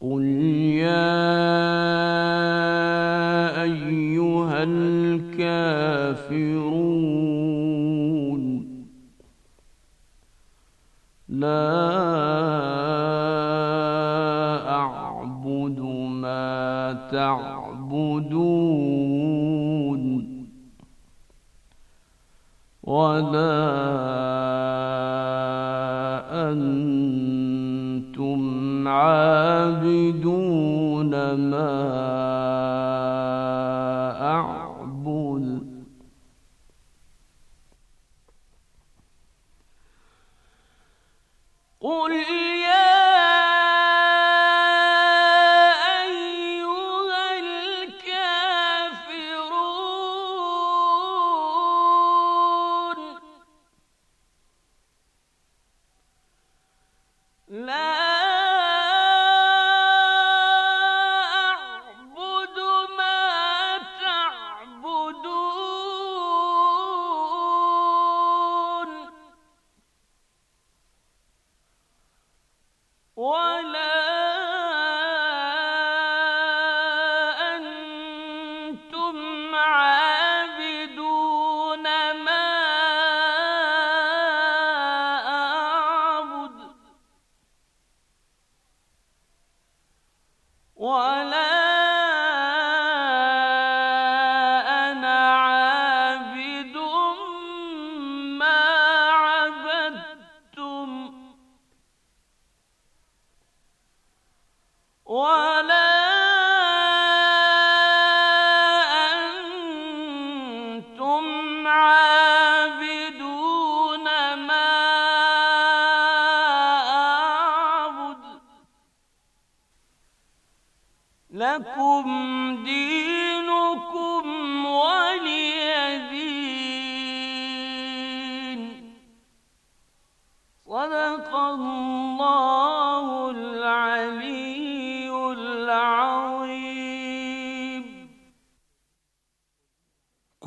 قل يا أيها الكافرون لا أعبد ما تعبدون ولا عابدون ما أعبد قل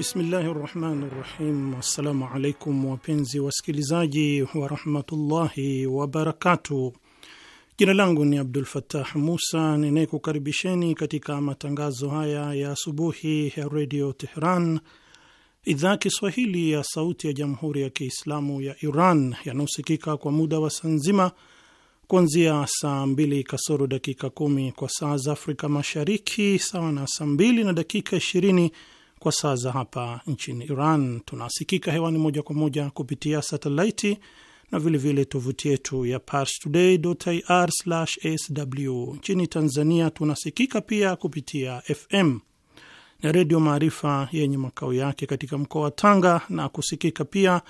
Bismillahi rahmani rahim. Assalamu alaikum wapenzi wasikilizaji warahmatullahi wabarakatuh. Jina langu ni Abdul Fattah Musa ninayekukaribisheni katika matangazo haya ya asubuhi ya Redio Tehran, idhaa Kiswahili ya sauti ya jamhuri ya Kiislamu ya Iran, yanayosikika kwa muda wa saa nzima kuanzia saa mbili kasoro dakika kumi kwa saa za Afrika Mashariki, sawa na saa mbili na dakika ishirini kwa saa za hapa nchini Iran. Tunasikika hewani moja kwa moja kupitia satelaiti na vilevile tovuti yetu ya parstoday.ir/sw. Nchini Tanzania tunasikika pia kupitia FM na Redio Maarifa yenye makao yake katika mkoa wa Tanga na kusikika pia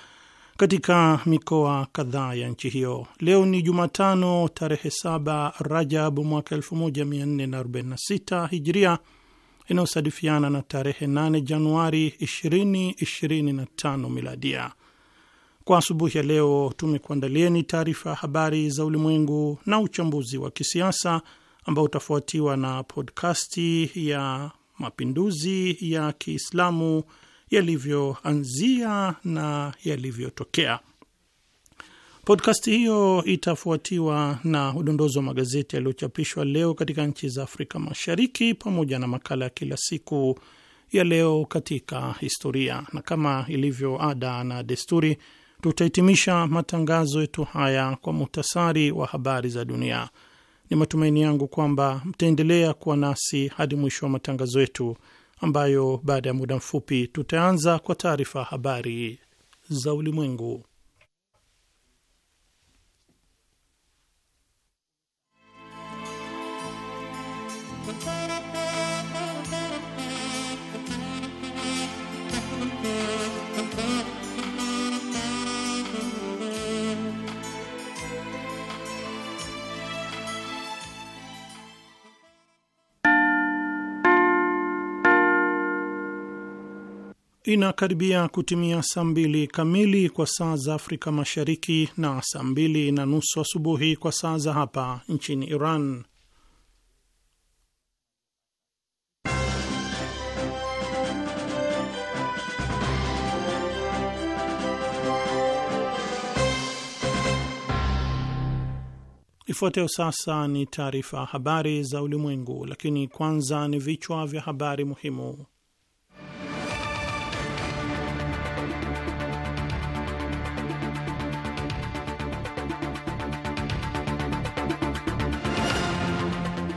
katika mikoa kadhaa ya nchi hiyo. Leo ni Jumatano tarehe 7 Rajab mwaka 1446 Hijria, inayosadifiana na tarehe 8 Januari 2025 miladia. Kwa asubuhi ya leo tumekuandalieni taarifa ya habari za ulimwengu na uchambuzi wa kisiasa ambao utafuatiwa na podkasti ya mapinduzi ya Kiislamu yalivyoanzia na yalivyotokea. Podcast hiyo itafuatiwa na udondozi wa magazeti yaliyochapishwa leo katika nchi za Afrika Mashariki pamoja na makala ya kila siku ya leo katika historia, na kama ilivyo ada na desturi, tutahitimisha matangazo yetu haya kwa muhtasari wa habari za dunia. Ni matumaini yangu kwamba mtaendelea kuwa nasi hadi mwisho wa matangazo yetu, ambayo baada ya muda mfupi tutaanza kwa taarifa habari za ulimwengu. Inakaribia kutimia saa mbili kamili kwa saa za Afrika Mashariki na saa mbili na nusu asubuhi kwa saa za hapa nchini Iran. Ifuatayo sasa ni taarifa ya habari za ulimwengu, lakini kwanza ni vichwa vya habari muhimu.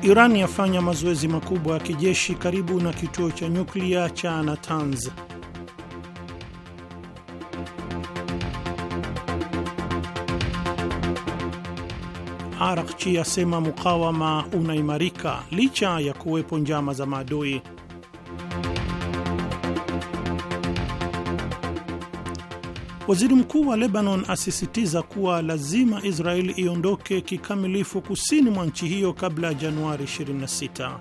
Iran yafanya mazoezi makubwa ya kijeshi karibu na kituo cha nyuklia cha Natanz. Arakchi asema mukawama unaimarika licha ya kuwepo njama za maadui. Waziri mkuu wa Lebanon asisitiza kuwa lazima Israeli iondoke kikamilifu kusini mwa nchi hiyo kabla ya Januari 26.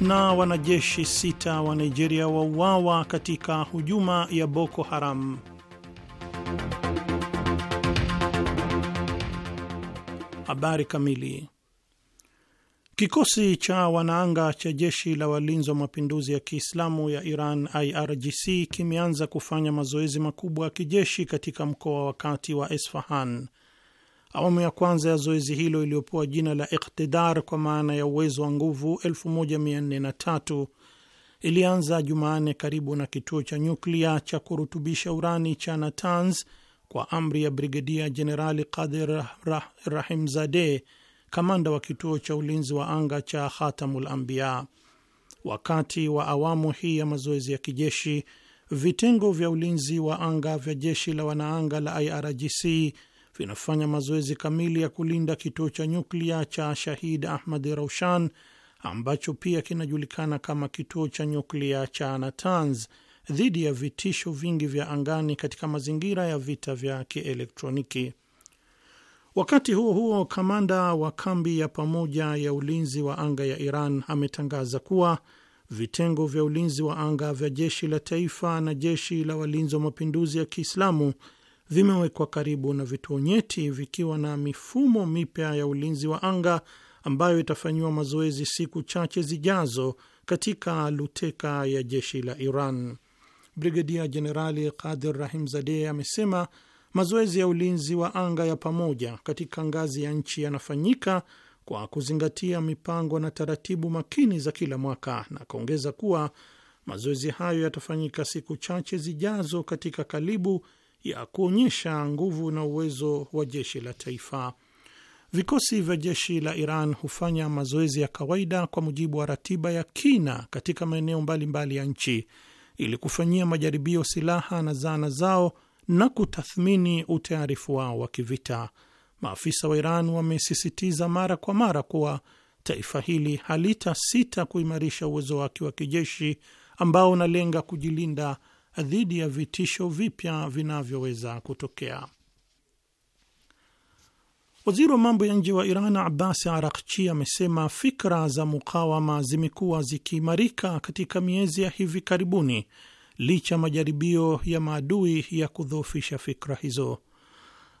Na wanajeshi sita wa Nigeria wauawa katika hujuma ya Boko Haram. Habari kamili. Kikosi cha wanaanga cha jeshi la walinzi wa mapinduzi ya Kiislamu ya Iran IRGC kimeanza kufanya mazoezi makubwa ya kijeshi katika mkoa wa kati wa Esfahan. Awamu ya kwanza ya zoezi hilo iliyopewa jina la Iktidar kwa maana ya uwezo wa nguvu 1403 ilianza Jumanne karibu na kituo cha nyuklia cha kurutubisha urani cha Natanz kwa amri ya Brigedia Jenerali Kadir zade kamanda wa kituo cha ulinzi wa anga cha Khatamul Anbiya. Wakati wa awamu hii ya mazoezi ya kijeshi, vitengo vya ulinzi wa anga vya jeshi la wanaanga la IRGC vinafanya mazoezi kamili ya kulinda kituo cha nyuklia cha Shahid Ahmad Raushan ambacho pia kinajulikana kama kituo cha nyuklia cha Natanz dhidi ya vitisho vingi vya angani katika mazingira ya vita vya kielektroniki. Wakati huo huo, kamanda wa kambi ya pamoja ya ulinzi wa anga ya Iran ametangaza kuwa vitengo vya ulinzi wa anga vya jeshi la taifa na jeshi la walinzi wa mapinduzi ya Kiislamu vimewekwa karibu na vituo nyeti vikiwa na mifumo mipya ya ulinzi wa anga ambayo itafanyiwa mazoezi siku chache zijazo katika luteka ya jeshi la Iran. Brigedia Jenerali Kadir Rahim zade amesema mazoezi ya ulinzi wa anga ya pamoja katika ngazi ya nchi yanafanyika kwa kuzingatia mipango na taratibu makini za kila mwaka, na akaongeza kuwa mazoezi hayo yatafanyika siku chache zijazo katika kalibu ya kuonyesha nguvu na uwezo wa jeshi la taifa. Vikosi vya jeshi la Iran hufanya mazoezi ya kawaida kwa mujibu wa ratiba ya kina katika maeneo mbalimbali ya nchi ili kufanyia majaribio silaha na zana zao na kutathmini utayarifu wao wa kivita. Maafisa wa Iran wamesisitiza mara kwa mara kuwa taifa hili halitasita kuimarisha uwezo wake wa kijeshi ambao unalenga kujilinda dhidi ya vitisho vipya vinavyoweza kutokea. Waziri wa mambo ya nje wa Iran Abbas Arakchi amesema fikra za mukawama zimekuwa zikiimarika katika miezi ya hivi karibuni licha majaribio ya maadui ya kudhoofisha fikra hizo.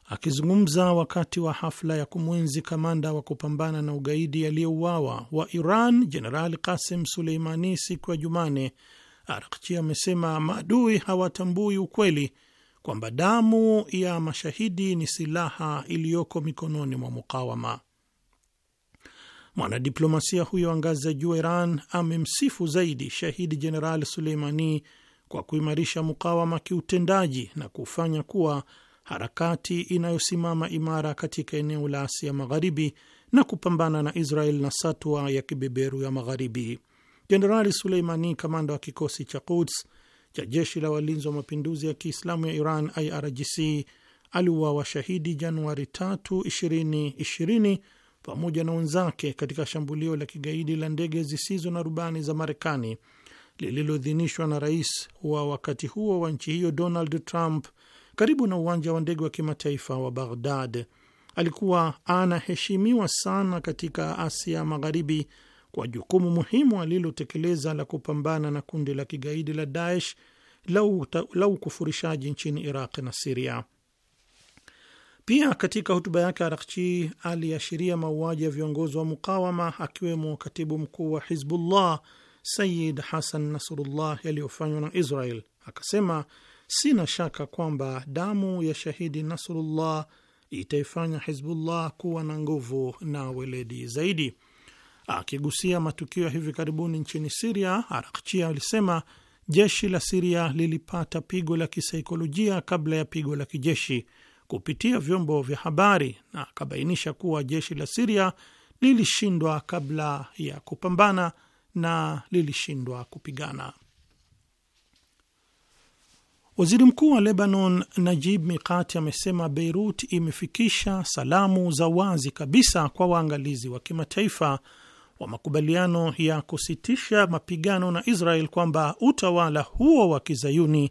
Akizungumza wakati wa hafla ya kumwenzi kamanda wa kupambana na ugaidi aliyeuawa wa Iran Jenerali Kasim Suleimani siku ya Jumane, Arakchi amesema maadui hawatambui ukweli kwamba damu ya mashahidi ni silaha iliyoko mikononi mwa mukawama. Mwanadiplomasia huyo wa ngazi ya juu wa Iran amemsifu zaidi shahidi Jenerali Suleimani kwa kuimarisha mukawama kiutendaji na kufanya kuwa harakati inayosimama imara katika eneo la Asia Magharibi na kupambana na Israel na satwa ya kibeberu ya Magharibi. Jenerali Suleimani, kamanda wa kikosi cha Quds, cha jeshi la walinzi wa mapinduzi ya Kiislamu ya Iran, IRGC, aliuawa shahidi Januari 3, 2020 pamoja na wenzake katika shambulio la kigaidi la ndege zisizo na rubani za Marekani lililoidhinishwa na rais wa wakati huo wa nchi hiyo Donald Trump karibu na uwanja wa ndege wa kimataifa wa Baghdad. Alikuwa anaheshimiwa sana katika Asia Magharibi kwa jukumu muhimu alilotekeleza la kupambana na kundi la kigaidi la Daesh la ukufurishaji nchini Iraq na Siria. Pia katika hotuba yake Arakchi aliashiria mauaji ya viongozi wa mukawama akiwemo katibu mkuu wa Hizbullah Sayid Hasan Nasrullah yaliyofanywa na Israel. Akasema, sina shaka kwamba damu ya shahidi Nasrullah itaifanya Hizbullah kuwa na nguvu na weledi zaidi. Akigusia matukio ya hivi karibuni nchini Siria, Arakchi alisema jeshi la Siria lilipata pigo la kisaikolojia kabla ya pigo la kijeshi kupitia vyombo vya habari, na akabainisha kuwa jeshi la Siria lilishindwa kabla ya kupambana na lilishindwa kupigana. Waziri mkuu wa Lebanon Najib Mikati amesema Beirut imefikisha salamu za wazi kabisa kwa waangalizi wa kimataifa wa makubaliano ya kusitisha mapigano na Israel kwamba utawala huo wa kizayuni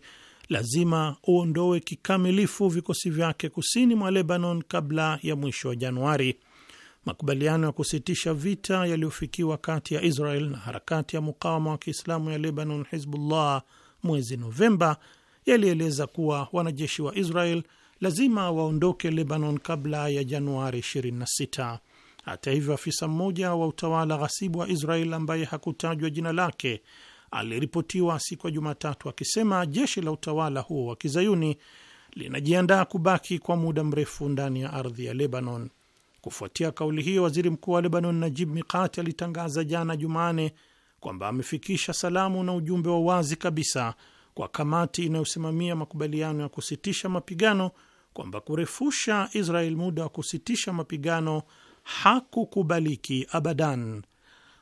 lazima uondoe kikamilifu vikosi vyake kusini mwa Lebanon kabla ya mwisho wa Januari. Makubaliano ya kusitisha vita yaliyofikiwa kati ya Israel na harakati ya mukawama wa kiislamu ya Lebanon, Hizbullah, mwezi Novemba yalieleza kuwa wanajeshi wa Israel lazima waondoke Lebanon kabla ya Januari 26. Hata hivyo, afisa mmoja wa utawala ghasibu wa Israel ambaye hakutajwa jina lake aliripotiwa siku ya Jumatatu akisema jeshi la utawala huo wa kizayuni linajiandaa kubaki kwa muda mrefu ndani ya ardhi ya Lebanon. Kufuatia kauli hiyo, waziri mkuu wa Lebanon Najib Mikati alitangaza jana Jumane kwamba amefikisha salamu na ujumbe wa wazi kabisa kwa kamati inayosimamia makubaliano ya kusitisha mapigano kwamba kurefusha Israel muda wa kusitisha mapigano hakukubaliki abadan.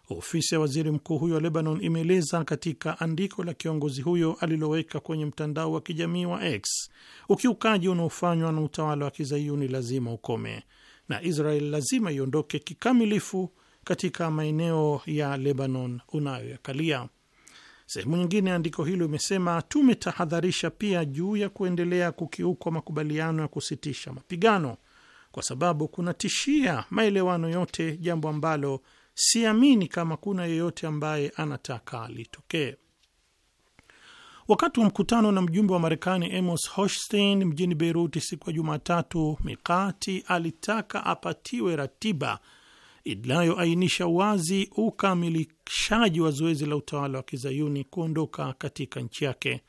Ofisi ya waziri mkuu huyo wa Lebanon imeeleza katika andiko la kiongozi huyo aliloweka kwenye mtandao wa kijamii wa X, ukiukaji unaofanywa na utawala wa kizayuni lazima ukome na Israel lazima iondoke kikamilifu katika maeneo ya Lebanon unayoyakalia. Sehemu nyingine ya andiko hilo imesema, tumetahadharisha pia juu ya kuendelea kukiukwa makubaliano ya kusitisha mapigano kwa sababu kunatishia maelewano yote, jambo ambalo siamini kama kuna yeyote ambaye anataka litokee. Wakati wa mkutano na mjumbe wa Marekani Amos Hochstein mjini beirut siku ya Jumatatu, Mikati alitaka apatiwe ratiba inayoainisha wazi ukamilishaji wa zoezi la utawala wa kizayuni kuondoka katika nchi yake.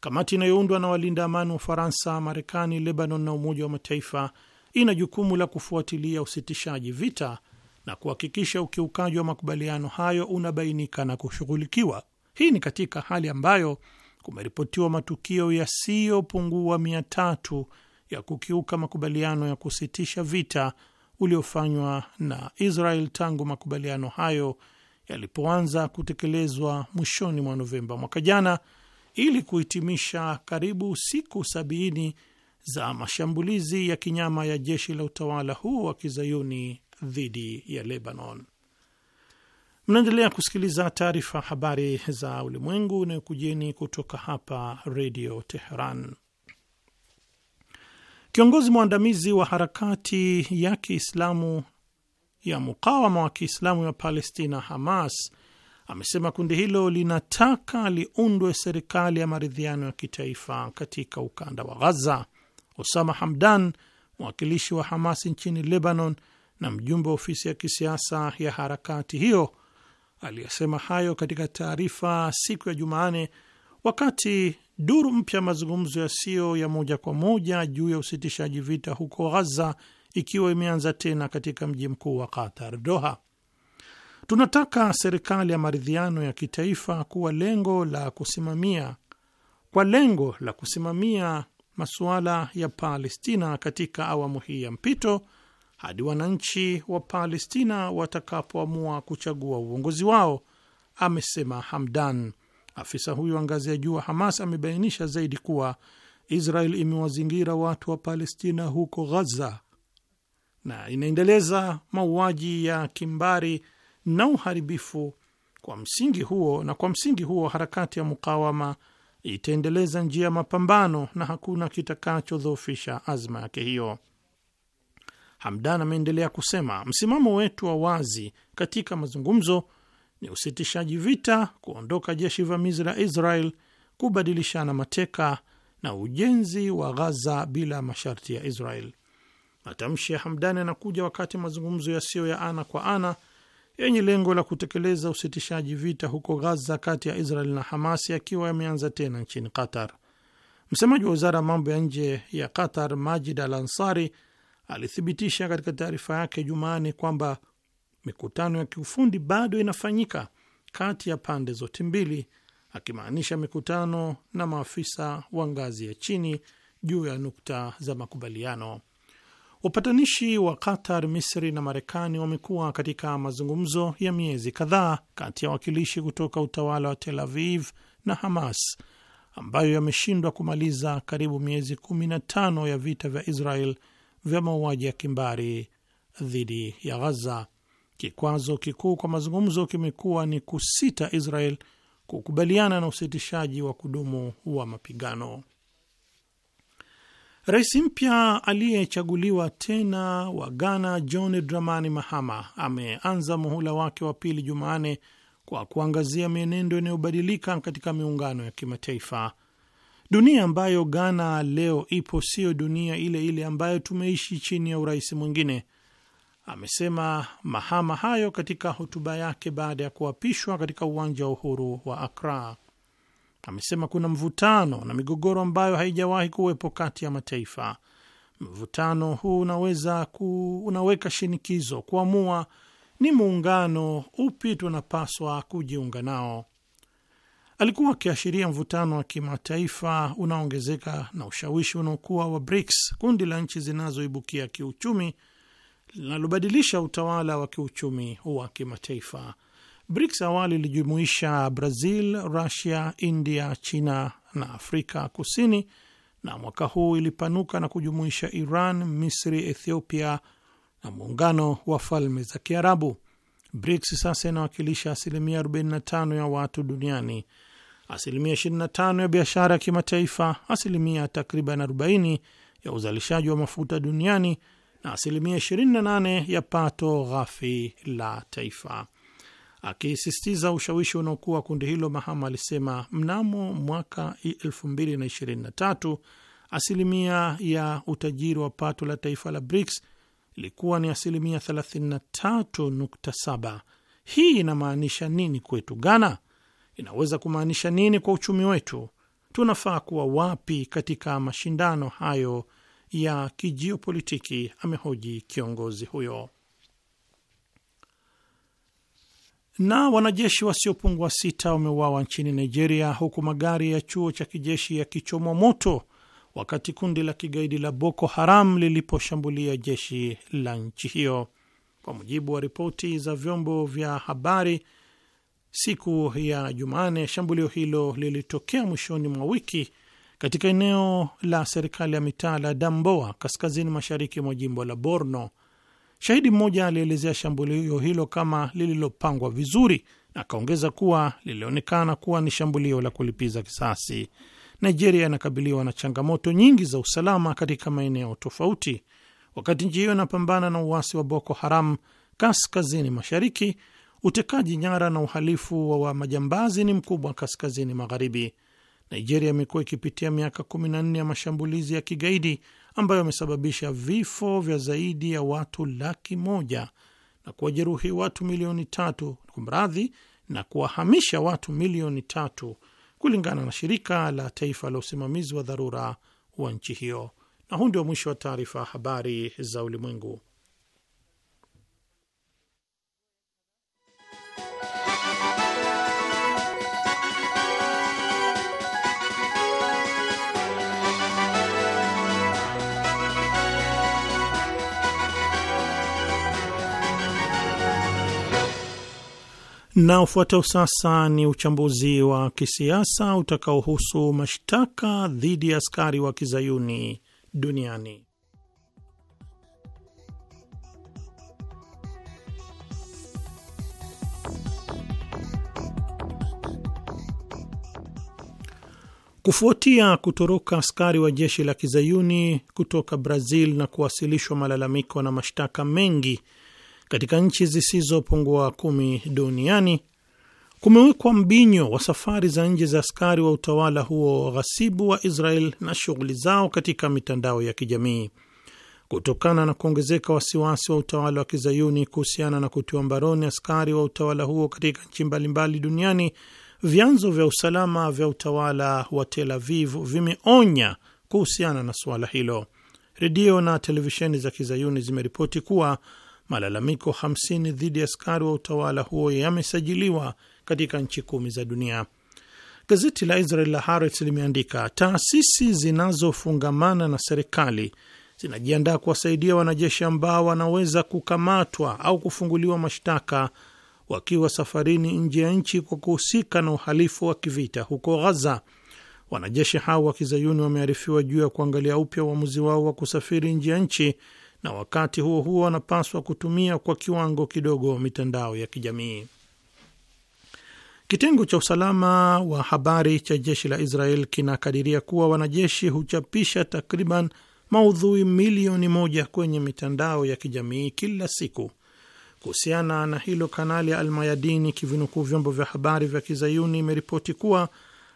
Kamati inayoundwa na walinda amani wa Ufaransa, Marekani, Lebanon na Umoja wa Mataifa ina jukumu la kufuatilia usitishaji vita na kuhakikisha ukiukaji wa makubaliano hayo unabainika na kushughulikiwa. Hii ni katika hali ambayo kumeripotiwa matukio yasiyopungua mia tatu ya kukiuka makubaliano ya kusitisha vita uliofanywa na Israel tangu makubaliano hayo yalipoanza kutekelezwa mwishoni mwa Novemba mwaka jana ili kuhitimisha karibu siku sabini za mashambulizi ya kinyama ya jeshi la utawala huu wa kizayuni dhidi ya Lebanon. Mnaendelea kusikiliza taarifa habari za ulimwengu inayokujeni kutoka hapa redio Teheran. Kiongozi mwandamizi wa harakati ya Kiislamu ya mukawama wa Kiislamu ya Palestina, Hamas, amesema kundi hilo linataka liundwe serikali ya maridhiano ya kitaifa katika ukanda wa Ghaza Osama Hamdan, mwakilishi wa Hamas nchini Lebanon na mjumbe wa ofisi ya kisiasa ya harakati hiyo, aliyesema hayo katika taarifa siku ya Jumanne wakati duru mpya mazungumzo yasiyo ya moja kwa moja juu ya usitishaji vita huko Ghaza ikiwa imeanza tena katika mji mkuu wa Qatar, Doha. Tunataka serikali ya maridhiano ya kitaifa kuwa lengo la kusimamia kwa lengo la kusimamia masuala ya Palestina katika awamu hii ya mpito hadi wananchi wa Palestina watakapoamua kuchagua uongozi wao, amesema Hamdan. Afisa huyo wa ngazi ya juu wa Hamas amebainisha zaidi kuwa Israel imewazingira watu wa Palestina huko Ghaza na inaendeleza mauaji ya kimbari na uharibifu. Kwa msingi huo na kwa msingi huo harakati ya mukawama itaendeleza njia ya mapambano na hakuna kitakachodhoofisha azma yake hiyo. Hamdan ameendelea kusema, msimamo wetu wa wazi katika mazungumzo ni usitishaji vita, kuondoka jeshi vamizi la Israel, kubadilishana mateka na ujenzi wa Ghaza bila masharti ya Israel. Matamshi ya Hamdan yanakuja wakati mazungumzo yasiyo ya ana kwa ana yenye lengo la kutekeleza usitishaji vita huko Ghaza kati ya Israel na Hamas yakiwa yameanza tena nchini Qatar. Msemaji wa wizara ya mambo ya nje ya Qatar, Majid Al Ansari, alithibitisha katika taarifa yake Jumanne kwamba mikutano ya kiufundi bado inafanyika kati ya pande zote mbili, akimaanisha mikutano na maafisa wa ngazi ya chini juu ya nukta za makubaliano. Wapatanishi wa Qatar, Misri na Marekani wamekuwa katika mazungumzo ya miezi kadhaa kati ya wakilishi kutoka utawala wa Tel Aviv na Hamas ambayo yameshindwa kumaliza karibu miezi 15 ya vita vya Israel vya mauaji ya kimbari dhidi ya Ghaza. Kikwazo kikuu kwa mazungumzo kimekuwa ni kusita Israel kukubaliana na usitishaji wa kudumu wa mapigano. Rais mpya aliyechaguliwa tena wa Ghana, John Dramani Mahama, ameanza muhula wake wa pili Jumanne kwa kuangazia mienendo inayobadilika katika miungano ya kimataifa. Dunia ambayo Ghana leo ipo siyo dunia ile ile ambayo tumeishi chini ya urais mwingine, amesema Mahama hayo katika hotuba yake baada ya kuapishwa katika uwanja wa uhuru wa akra amesema kuna mvutano na migogoro ambayo haijawahi kuwepo kati ya mataifa. Mvutano huu unaweza ku, unaweka shinikizo kuamua ni muungano upi tunapaswa kujiunga nao. Alikuwa akiashiria mvutano wa kimataifa unaoongezeka na ushawishi unaokuwa wa BRICS, kundi la nchi zinazoibukia kiuchumi linalobadilisha utawala wa kiuchumi wa kimataifa. BRICS awali ilijumuisha Brazil, rusia India, China na Afrika Kusini, na mwaka huu ilipanuka na kujumuisha Iran, Misri, Ethiopia na muungano wa falme za Kiarabu. BRICS sasa inawakilisha asilimia 45 ya watu duniani, asilimia 25 ya biashara ya kimataifa, asilimia takriban 40 ya uzalishaji wa mafuta duniani na asilimia 28 ya pato ghafi la taifa. Akisisitiza ushawishi unaokuwa kundi hilo, Mahama alisema mnamo mwaka 2023 asilimia ya utajiri wa pato la taifa la BRICS ilikuwa ni asilimia 33.7. Hii inamaanisha nini kwetu Ghana? Inaweza kumaanisha nini kwa uchumi wetu? Tunafaa kuwa wapi katika mashindano hayo ya kijiopolitiki? Amehoji kiongozi huyo. Na wanajeshi wasiopungua sita wameuawa nchini Nigeria, huku magari ya chuo cha kijeshi yakichomwa moto wakati kundi la kigaidi la Boko Haram liliposhambulia jeshi la nchi hiyo. Kwa mujibu wa ripoti za vyombo vya habari siku ya Jumane, shambulio hilo lilitokea mwishoni mwa wiki katika eneo la serikali ya mitaa la Damboa, kaskazini mashariki mwa jimbo la Borno, Shahidi mmoja alielezea shambulio hilo kama lililopangwa vizuri na akaongeza kuwa lilionekana kuwa ni shambulio la kulipiza kisasi. Nigeria inakabiliwa na changamoto nyingi za usalama katika maeneo tofauti. Wakati nchi hiyo inapambana na uasi wa Boko Haram kaskazini mashariki, utekaji nyara na uhalifu wa, wa majambazi ni mkubwa kaskazini magharibi. Nigeria imekuwa ikipitia miaka 14 ya mashambulizi ya kigaidi ambayo yamesababisha vifo vya zaidi ya watu laki moja na kuwajeruhi watu milioni tatu kumradhi, na kuwahamisha watu milioni tatu kulingana na shirika la taifa la usimamizi wa dharura wa nchi hiyo. Na huu ndio mwisho wa taarifa habari za ulimwengu. Na ufuatao sasa ni uchambuzi wa kisiasa utakaohusu mashtaka dhidi ya askari wa kizayuni duniani. Kufuatia kutoroka askari wa jeshi la kizayuni kutoka Brazil na kuwasilishwa malalamiko na mashtaka mengi katika nchi zisizopungua kumi duniani kumewekwa mbinyo wa safari za nje za askari wa utawala huo ghasibu wa Israel na shughuli zao katika mitandao ya kijamii kutokana na kuongezeka wasiwasi wa utawala wa kizayuni kuhusiana na kutiwa mbaroni askari wa utawala huo katika nchi mbalimbali duniani. Vyanzo vya usalama vya utawala wa Tel Aviv vimeonya kuhusiana na suala hilo. Redio na televisheni za kizayuni zimeripoti kuwa Malalamiko 50 dhidi ya askari wa utawala huo yamesajiliwa katika nchi kumi za dunia. Gazeti la Israel la Haaretz limeandika taasisi zinazofungamana na serikali zinajiandaa kuwasaidia wanajeshi ambao wanaweza kukamatwa au kufunguliwa mashtaka wakiwa safarini nje ya nchi kwa kuhusika na uhalifu wa kivita huko Ghaza. Wanajeshi hao wa kizayuni wamearifiwa juu ya kuangalia upya uamuzi wao wa kusafiri nje ya nchi na wakati huo huo wanapaswa kutumia kwa kiwango kidogo mitandao ya kijamii. Kitengo cha usalama wa habari cha jeshi la Israel kinakadiria kuwa wanajeshi huchapisha takriban maudhui milioni moja kwenye mitandao ya kijamii kila siku. Kuhusiana na hilo, kanali ya Almayadini kivinukuu vyombo vya habari vya kizayuni imeripoti kuwa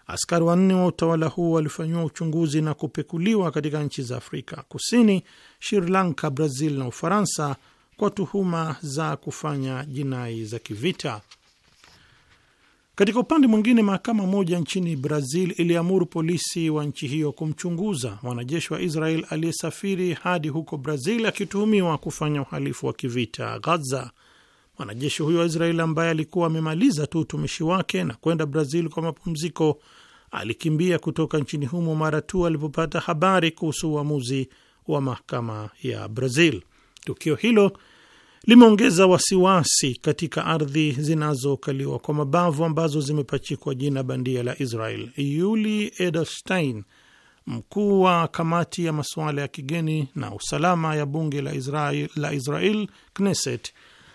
askari wanne wa utawala huo walifanyiwa uchunguzi na kupekuliwa katika nchi za Afrika Kusini Sri Lanka, Brazil na Ufaransa kwa tuhuma za kufanya jinai za kivita. Katika upande mwingine, mahakama moja nchini Brazil iliamuru polisi wa nchi hiyo kumchunguza mwanajeshi wa Israel aliyesafiri hadi huko Brazil akituhumiwa kufanya uhalifu wa kivita Gaza. Mwanajeshi huyo wa Israel ambaye alikuwa amemaliza tu utumishi wake na kwenda Brazil kwa mapumziko, alikimbia kutoka nchini humo mara tu alipopata habari kuhusu uamuzi wa mahakama ya Brazil. Tukio hilo limeongeza wasiwasi katika ardhi zinazokaliwa kwa mabavu ambazo zimepachikwa jina bandia la Israel. Yuli Edelstein, mkuu wa kamati ya masuala ya kigeni na usalama ya bunge la Israel, la Israel Knesset,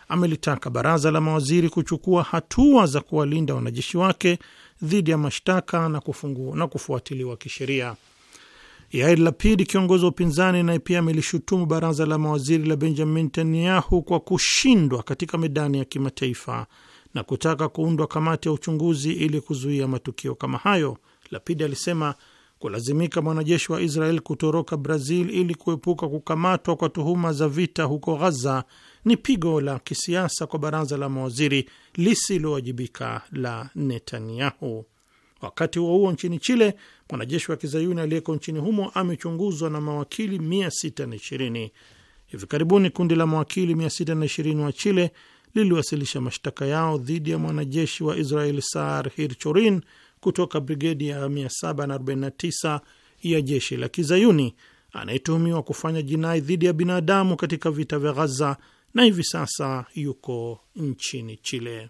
amelitaka baraza la mawaziri kuchukua hatua za kuwalinda wanajeshi wake dhidi ya mashtaka na, na kufuatiliwa kisheria. Yair Lapid, kiongozi wa upinzani, naye pia amelishutumu baraza la mawaziri la Benjamin Netanyahu kwa kushindwa katika medani ya kimataifa na kutaka kuundwa kamati ya uchunguzi ili kuzuia matukio kama hayo. Lapid alisema kulazimika mwanajeshi wa Israel kutoroka Brazil ili kuepuka kukamatwa kwa tuhuma za vita huko Ghaza ni pigo la kisiasa kwa baraza la mawaziri lisilowajibika la Netanyahu. Wakati huo huo, nchini Chile, Mwanajeshi wa kizayuni aliyeko nchini humo amechunguzwa na mawakili 620. Hivi karibuni kundi la mawakili 620 wa Chile liliwasilisha mashtaka yao dhidi ya mwanajeshi wa sar Saar Hirchorin kutoka brigedi ya 749 ya jeshi la kizayuni anayetuhumiwa kufanya jinai dhidi ya binadamu katika vita vya Ghaza na hivi sasa yuko nchini Chile.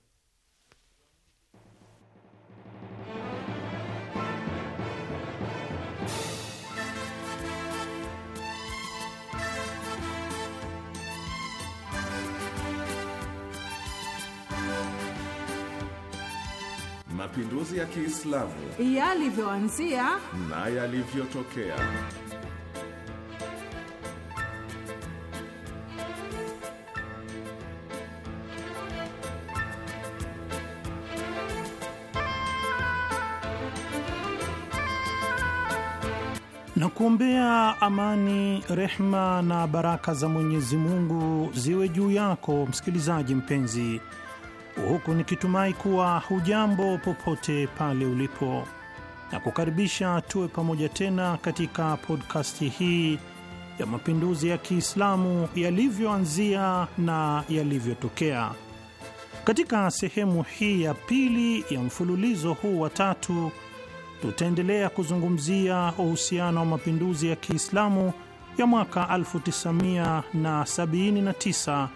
mapinduzi ya Kiislamu yalivyoanzia na yalivyotokea. na kuombea amani, rehma na baraka za Mwenyezi Mungu ziwe juu yako msikilizaji mpenzi huku nikitumai kuwa hujambo popote pale ulipo, na kukaribisha tuwe pamoja tena katika podkasti hii ya mapinduzi ya Kiislamu yalivyoanzia na yalivyotokea. Katika sehemu hii ya pili ya mfululizo huu wa tatu, tutaendelea kuzungumzia uhusiano wa mapinduzi ya Kiislamu ya mwaka 1979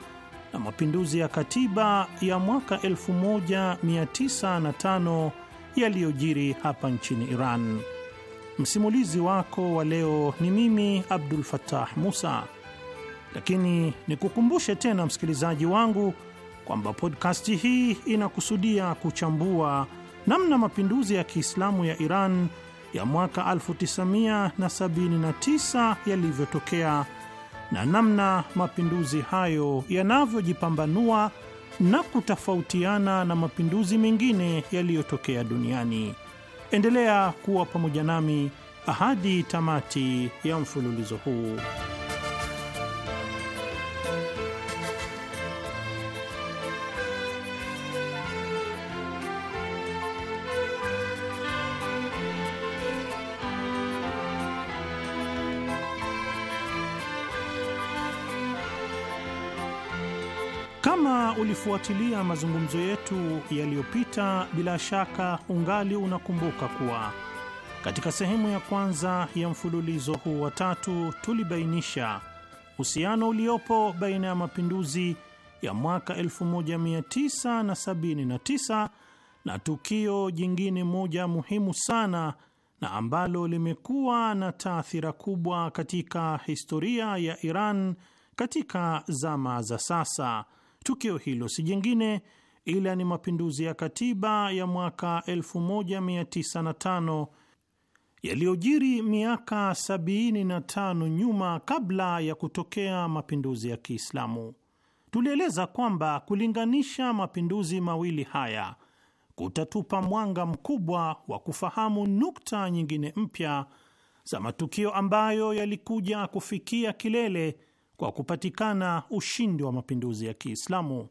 na mapinduzi ya katiba ya mwaka 1905 yaliyojiri hapa nchini Iran. Msimulizi wako wa leo ni mimi Abdul Fattah Musa, lakini nikukumbushe tena msikilizaji wangu kwamba podkasti hii inakusudia kuchambua namna mapinduzi ya Kiislamu ya Iran ya mwaka 1979 yalivyotokea na namna mapinduzi hayo yanavyojipambanua na kutofautiana na mapinduzi mengine yaliyotokea duniani. Endelea kuwa pamoja nami hadi tamati ya mfululizo huu. kufuatilia mazungumzo yetu yaliyopita, bila shaka ungali unakumbuka kuwa katika sehemu ya kwanza ya mfululizo huu wa tatu tulibainisha uhusiano uliopo baina ya mapinduzi ya mwaka 1979 na, na tukio jingine moja muhimu sana na ambalo limekuwa na taathira kubwa katika historia ya Iran katika zama za sasa Tukio hilo si jingine ila ni mapinduzi ya katiba ya mwaka 1905 yaliyojiri miaka 75 nyuma kabla ya kutokea mapinduzi ya Kiislamu. Tulieleza kwamba kulinganisha mapinduzi mawili haya kutatupa mwanga mkubwa wa kufahamu nukta nyingine mpya za matukio ambayo yalikuja kufikia kilele kwa kupatikana ushindi wa mapinduzi ya Kiislamu.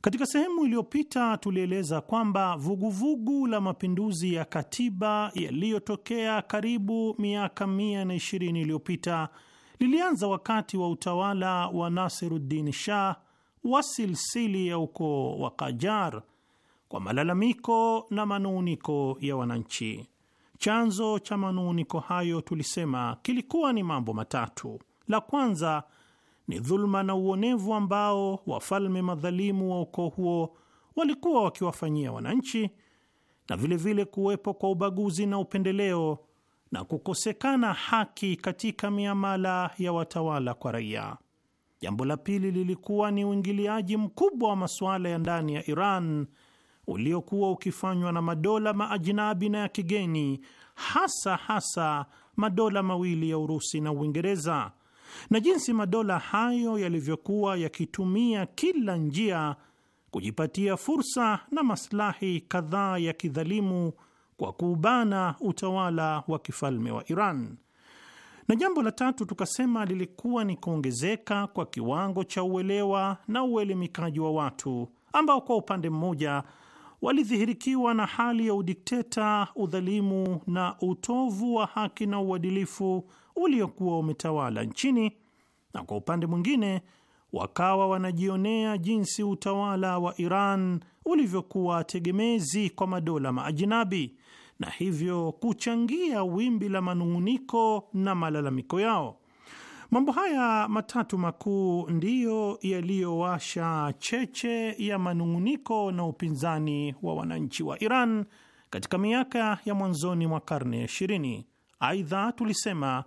Katika sehemu iliyopita tulieleza kwamba vuguvugu vugu la mapinduzi ya katiba yaliyotokea karibu miaka ishirini iliyopita lilianza wakati wa utawala wa Nasiruddin Shah wa silsili ya ukoo wa kajar kwa malalamiko na manuuniko ya wananchi. Chanzo cha manuniko hayo tulisema kilikuwa ni mambo matatu. La kwanza ni dhuluma na uonevu ambao wafalme madhalimu wa ukoo huo walikuwa wakiwafanyia wananchi, na vilevile vile kuwepo kwa ubaguzi na upendeleo na kukosekana haki katika miamala ya watawala kwa raia. Jambo la pili lilikuwa ni uingiliaji mkubwa wa masuala ya ndani ya Iran uliokuwa ukifanywa na madola maajinabi na ya kigeni, hasa hasa madola mawili ya Urusi na Uingereza na jinsi madola hayo yalivyokuwa yakitumia kila njia kujipatia fursa na maslahi kadhaa ya kidhalimu kwa kuubana utawala wa kifalme wa Iran. Na jambo la tatu tukasema lilikuwa ni kuongezeka kwa kiwango cha uelewa na uelimikaji wa watu ambao kwa upande mmoja walidhihirikiwa na hali ya udikteta, udhalimu na utovu wa haki na uadilifu uliokuwa umetawala nchini, na kwa upande mwingine wakawa wanajionea jinsi utawala wa Iran ulivyokuwa tegemezi kwa madola maajinabi na hivyo kuchangia wimbi la manung'uniko na malalamiko yao. Mambo haya matatu makuu ndiyo yaliyowasha cheche ya manung'uniko na upinzani wa wananchi wa Iran katika miaka ya mwanzoni mwa karne ya ishirini. Aidha tulisema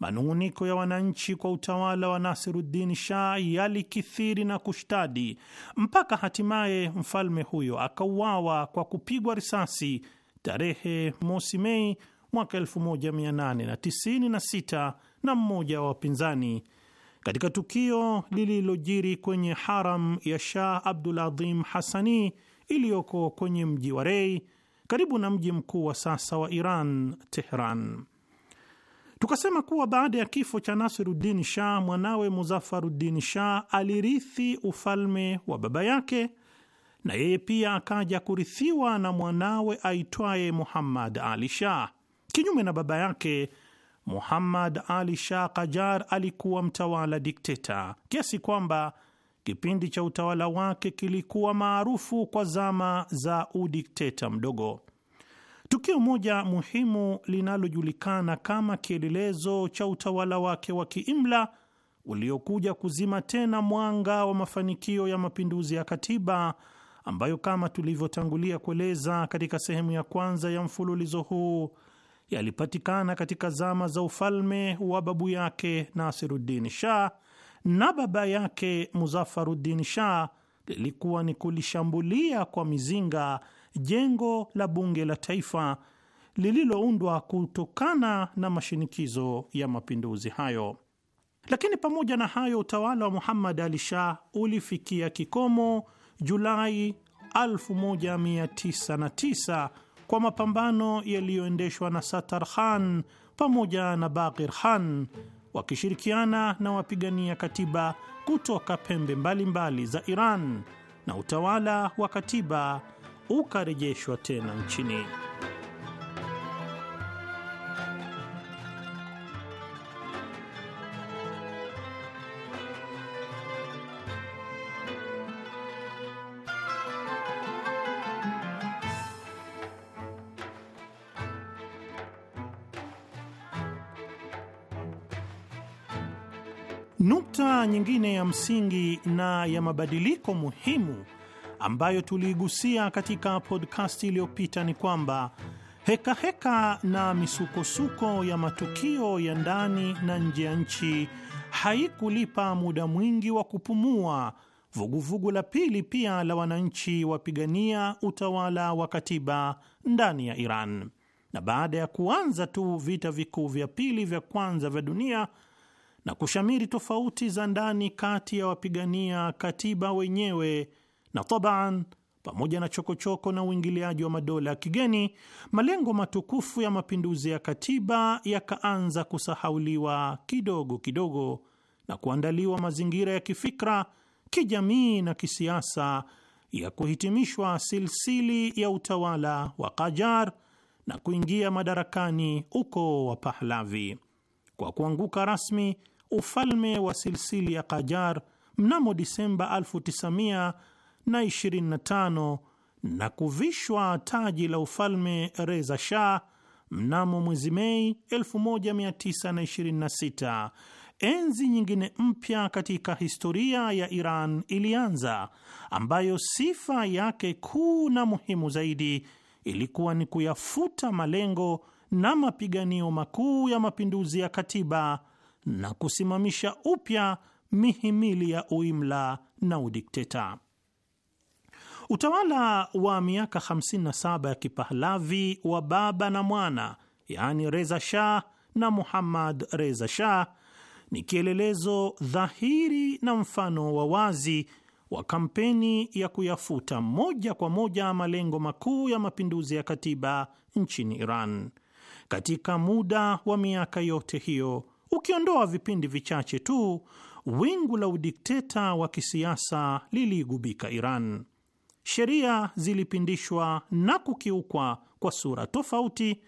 Manung'uniko ya wananchi kwa utawala wa Nasiruddin Shah yalikithiri na kushtadi mpaka hatimaye mfalme huyo akauawa kwa kupigwa risasi tarehe mosi Mei mwaka 1896 na mmoja wa wapinzani katika tukio lililojiri kwenye haram ya Shah Abdul Adhim Hasani iliyoko kwenye mji wa Rei karibu na mji mkuu wa sasa wa Iran, Tehran. Tukasema kuwa baada ya kifo cha Nasiruddin Shah, mwanawe Muzaffaruddin Shah alirithi ufalme wa baba yake, na yeye pia akaja kurithiwa na mwanawe aitwaye Muhammad Ali Shah. Kinyume na baba yake, Muhammad Ali Shah kajar alikuwa mtawala dikteta, kiasi kwamba kipindi cha utawala wake kilikuwa maarufu kwa zama za udikteta mdogo. Tukio moja muhimu linalojulikana kama kielelezo cha utawala wake wa kiimla uliokuja kuzima tena mwanga wa mafanikio ya mapinduzi ya katiba ambayo kama tulivyotangulia kueleza katika sehemu ya kwanza ya mfululizo huu yalipatikana katika zama za ufalme wa babu yake Nasiruddin Shah na baba yake Muzaffaruddin Shah, lilikuwa ni kulishambulia kwa mizinga jengo la bunge la taifa lililoundwa kutokana na mashinikizo ya mapinduzi hayo. Lakini pamoja na hayo, utawala wa Muhammad Ali Shah ulifikia kikomo Julai 1909 kwa mapambano yaliyoendeshwa na Satar Khan pamoja na bagir Khan wakishirikiana na wapigania katiba kutoka pembe mbalimbali mbali za Iran na utawala wa katiba ukarejeshwa tena nchini. Nukta nyingine ya msingi na ya mabadiliko muhimu ambayo tuliigusia katika podkasti iliyopita ni kwamba hekaheka heka na misukosuko ya matukio ya ndani na nje ya nchi haikulipa muda mwingi wa kupumua vuguvugu vugu la pili pia la wananchi wapigania utawala wa katiba ndani ya Iran. Na baada ya kuanza tu vita vikuu vya pili vya kwanza vya dunia na kushamiri tofauti za ndani kati ya wapigania katiba wenyewe na taban, pamoja na chokochoko choko na uingiliaji wa madola ya kigeni, malengo matukufu ya mapinduzi ya katiba yakaanza kusahauliwa kidogo kidogo na kuandaliwa mazingira ya kifikra, kijamii na kisiasa ya kuhitimishwa silsili ya utawala wa kajar na kuingia madarakani ukoo wa Pahlavi kwa kuanguka rasmi ufalme wa silsili ya kajar mnamo Disemba na 25 na kuvishwa taji la ufalme Reza Shah mnamo mwezi Mei 1926. Enzi nyingine mpya katika historia ya Iran ilianza, ambayo sifa yake kuu na muhimu zaidi ilikuwa ni kuyafuta malengo na mapiganio makuu ya mapinduzi ya katiba na kusimamisha upya mihimili ya uimla na udikteta. Utawala wa miaka 57 ya Kipahlavi wa baba na mwana, yaani Reza Shah na Muhammad Reza Shah, ni kielelezo dhahiri na mfano wa wazi wa kampeni ya kuyafuta moja kwa moja malengo makuu ya mapinduzi ya katiba nchini Iran. Katika muda wa miaka yote hiyo, ukiondoa vipindi vichache tu, wingu la udikteta wa kisiasa liliigubika Iran sheria zilipindishwa na kukiukwa kwa sura tofauti,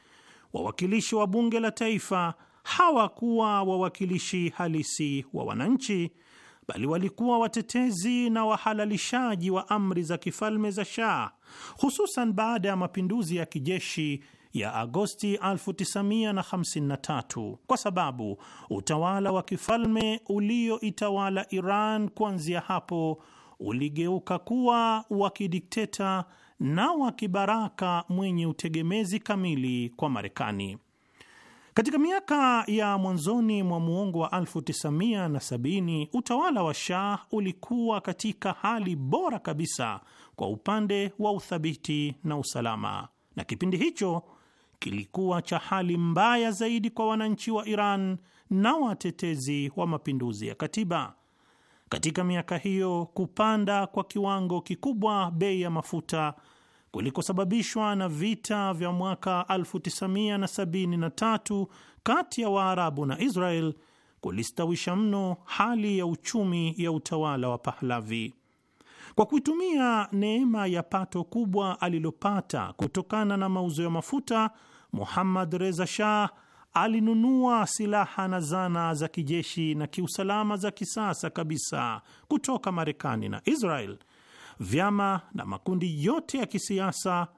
wawakilishi wa bunge la taifa hawakuwa wawakilishi halisi wa wananchi, bali walikuwa watetezi na wahalalishaji wa amri za kifalme za Shah, hususan baada ya mapinduzi ya kijeshi ya Agosti 1953 kwa sababu utawala wa kifalme ulioitawala Iran kuanzia hapo uligeuka kuwa wa kidikteta na wa kibaraka mwenye utegemezi kamili kwa Marekani. Katika miaka ya mwanzoni mwa muongo wa 1970 utawala wa Shah ulikuwa katika hali bora kabisa kwa upande wa uthabiti na usalama, na kipindi hicho kilikuwa cha hali mbaya zaidi kwa wananchi wa Iran na watetezi wa mapinduzi ya katiba. Katika miaka hiyo kupanda kwa kiwango kikubwa bei ya mafuta kulikosababishwa na vita vya mwaka 1973 kati ya Waarabu na Israel kulistawisha mno hali ya uchumi ya utawala wa Pahlavi. Kwa kuitumia neema ya pato kubwa alilopata kutokana na mauzo ya mafuta, Muhammad Reza Shah alinunua silaha na zana za kijeshi na kiusalama za kisasa kabisa kutoka Marekani na Israel, vyama na makundi yote ya kisiasa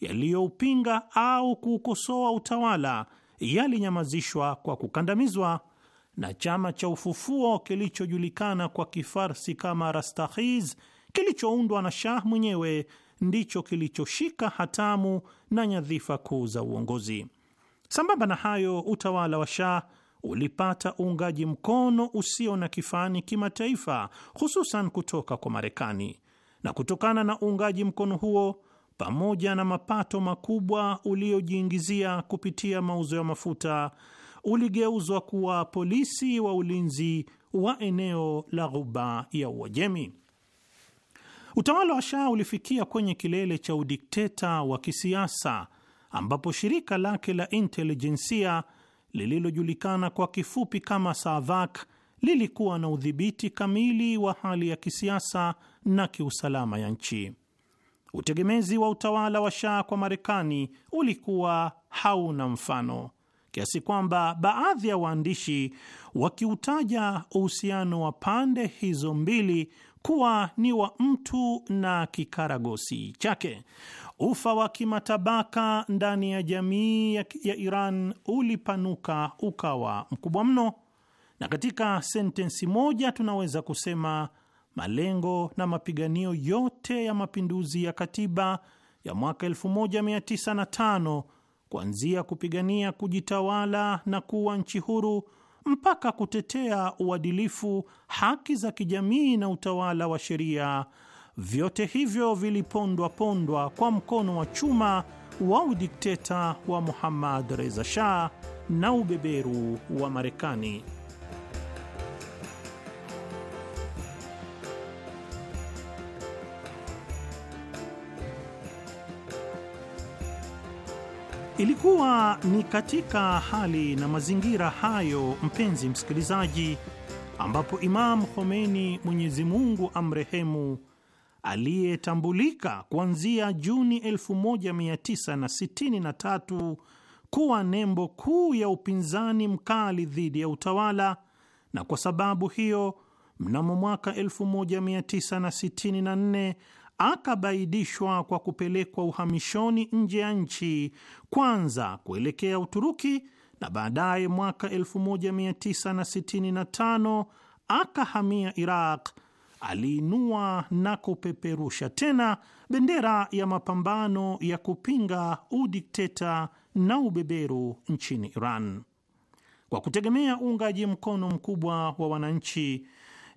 yaliyoupinga au kuukosoa utawala yalinyamazishwa kwa kukandamizwa, na chama cha ufufuo kilichojulikana kwa Kifarsi kama Rastakhiz kilichoundwa na Shah mwenyewe ndicho kilichoshika hatamu na nyadhifa kuu za uongozi. Sambamba na hayo, utawala wa Shah ulipata uungaji mkono usio na kifani kimataifa, hususan kutoka kwa Marekani, na kutokana na uungaji mkono huo pamoja na mapato makubwa uliojiingizia kupitia mauzo ya mafuta, uligeuzwa kuwa polisi wa ulinzi wa eneo la Ghuba ya Uajemi. Utawala wa Shah ulifikia kwenye kilele cha udikteta wa kisiasa ambapo shirika lake la intelijensia lililojulikana kwa kifupi kama SAVAK lilikuwa na udhibiti kamili wa hali ya kisiasa na kiusalama ya nchi. Utegemezi wa utawala wa Shah kwa Marekani ulikuwa hauna mfano kiasi kwamba baadhi ya waandishi wakiutaja uhusiano wa pande hizo mbili kuwa ni wa mtu na kikaragosi chake ufa wa kimatabaka ndani ya jamii ya Iran ulipanuka ukawa mkubwa mno, na katika sentensi moja tunaweza kusema malengo na mapiganio yote ya mapinduzi ya katiba ya mwaka 1905 kuanzia kupigania kujitawala na kuwa nchi huru mpaka kutetea uadilifu, haki za kijamii na utawala wa sheria vyote hivyo vilipondwa pondwa kwa mkono wa chuma wa udikteta wa Muhammad Reza Shah na ubeberu wa Marekani. Ilikuwa ni katika hali na mazingira hayo, mpenzi msikilizaji, ambapo Imam Khomeini, Mwenyezi Mungu amrehemu aliyetambulika kuanzia Juni 1963 kuwa nembo kuu ya upinzani mkali dhidi ya utawala, na kwa sababu hiyo mnamo mwaka 1964 akabaidishwa kwa kupelekwa uhamishoni nje ya nchi, kwanza kuelekea Uturuki na baadaye mwaka 1965 akahamia Iraq aliinua na kupeperusha tena bendera ya mapambano ya kupinga udikteta na ubeberu nchini Iran kwa kutegemea uungaji mkono mkubwa wa wananchi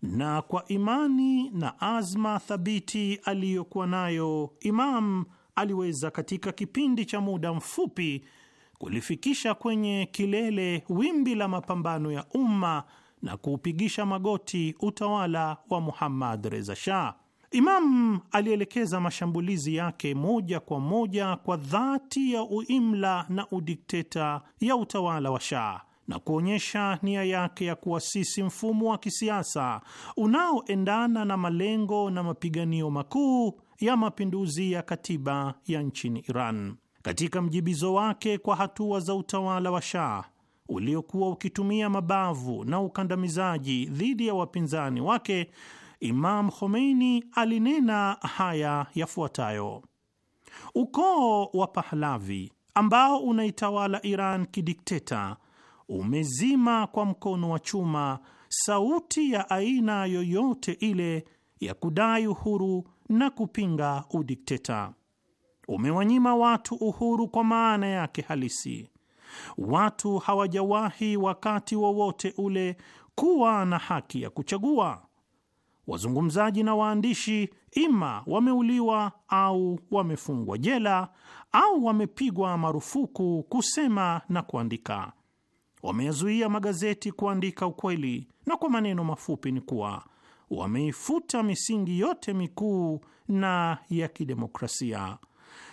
na kwa imani na azma thabiti aliyokuwa nayo, Imam aliweza katika kipindi cha muda mfupi kulifikisha kwenye kilele wimbi la mapambano ya umma na kuupigisha magoti utawala wa Muhammad Reza Shah. Imam alielekeza mashambulizi yake moja kwa moja kwa dhati ya uimla na udikteta ya utawala wa Shah na kuonyesha nia yake ya kuasisi mfumo wa kisiasa unaoendana na malengo na mapiganio makuu ya mapinduzi ya katiba ya nchini Iran. Katika mjibizo wake kwa hatua za utawala wa Shah, uliokuwa ukitumia mabavu na ukandamizaji dhidi ya wapinzani wake, Imam Khomeini alinena haya yafuatayo: ukoo wa Pahlavi ambao unaitawala Iran kidikteta umezima kwa mkono wa chuma sauti ya aina yoyote ile ya kudai uhuru na kupinga udikteta. Umewanyima watu uhuru kwa maana yake halisi Watu hawajawahi wakati wowote ule kuwa na haki ya kuchagua. Wazungumzaji na waandishi ima wameuliwa au wamefungwa jela au wamepigwa marufuku kusema na kuandika. Wameyazuia magazeti kuandika ukweli, na kwa maneno mafupi ni kuwa wameifuta misingi yote mikuu na ya kidemokrasia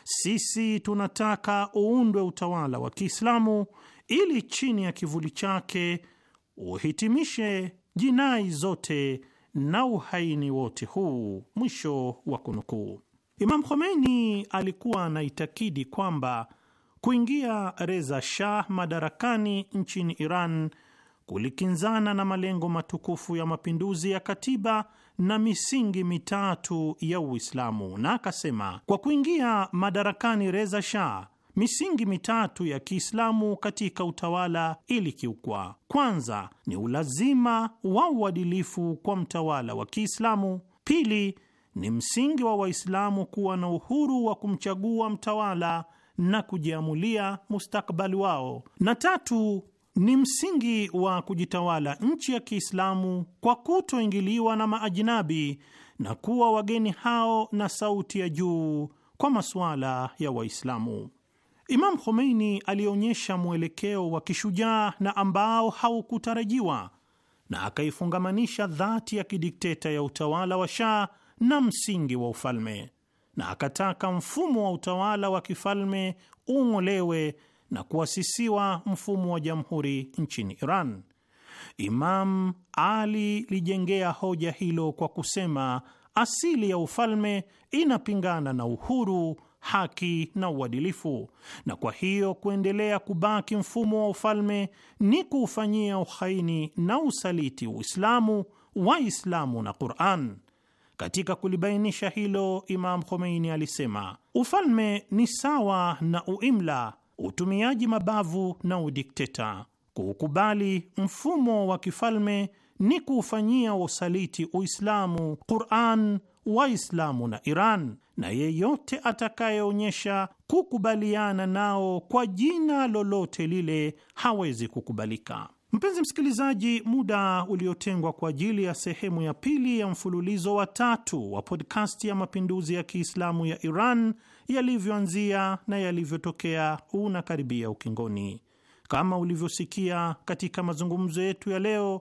sisi tunataka uundwe utawala wa Kiislamu ili chini ya kivuli chake uhitimishe jinai zote na uhaini wote huu. Mwisho wa kunukuu. Imam Khomeini alikuwa anaitakidi kwamba kuingia Reza Shah madarakani nchini Iran kulikinzana na malengo matukufu ya mapinduzi ya katiba na misingi mitatu ya Uislamu, na akasema kwa kuingia madarakani Reza Shah, misingi mitatu ya Kiislamu katika utawala ilikiukwa. Kwanza ni ulazima wa uadilifu kwa mtawala wa Kiislamu. Pili ni msingi wa Waislamu kuwa na uhuru wa kumchagua mtawala na kujiamulia mustakbali wao, na tatu ni msingi wa kujitawala nchi ya Kiislamu kwa kutoingiliwa na maajinabi na kuwa wageni hao na sauti ya juu kwa masuala ya Waislamu. Imam Khomeini alionyesha mwelekeo wa kishujaa na ambao haukutarajiwa na akaifungamanisha dhati ya kidikteta ya utawala wa Shah na msingi wa ufalme, na akataka mfumo wa utawala wa kifalme ung'olewe na kuasisiwa mfumo wa jamhuri nchini Iran. Imam Ali lijengea hoja hilo kwa kusema asili ya ufalme inapingana na uhuru, haki na uadilifu, na kwa hiyo kuendelea kubaki mfumo wa ufalme ni kuufanyia uhaini na usaliti Uislamu, Waislamu na Quran. Katika kulibainisha hilo, Imam Khomeini alisema ufalme ni sawa na uimla utumiaji mabavu na udikteta. Kuukubali mfumo wa kifalme ni kuufanyia usaliti Uislamu, Quran, Waislamu na Iran, na yeyote atakayeonyesha kukubaliana nao kwa jina lolote lile hawezi kukubalika. Mpenzi msikilizaji, muda uliotengwa kwa ajili ya sehemu ya pili ya mfululizo wa tatu wa podkasti ya mapinduzi ya Kiislamu ya Iran yalivyoanzia na yalivyotokea unakaribia ukingoni. Kama ulivyosikia katika mazungumzo yetu ya leo,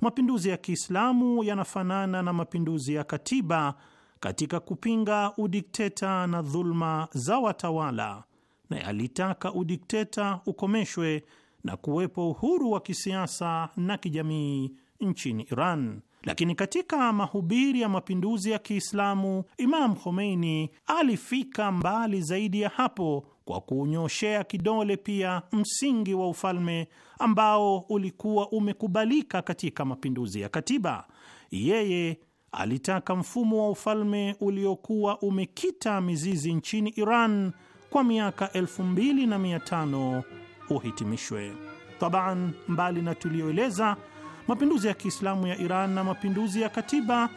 mapinduzi ya Kiislamu yanafanana na mapinduzi ya katiba katika kupinga udikteta na dhuluma za watawala, na yalitaka udikteta ukomeshwe na kuwepo uhuru wa kisiasa na kijamii nchini Iran. Lakini katika mahubiri ya mapinduzi ya Kiislamu, Imam Khomeini alifika mbali zaidi ya hapo kwa kuunyoshea kidole pia msingi wa ufalme ambao ulikuwa umekubalika katika mapinduzi ya katiba. Yeye alitaka mfumo wa ufalme uliokuwa umekita mizizi nchini Iran kwa miaka 25 uhitimishwe. Taban, mbali na tuliyoeleza mapinduzi ya Kiislamu ya Iran na mapinduzi ya katiba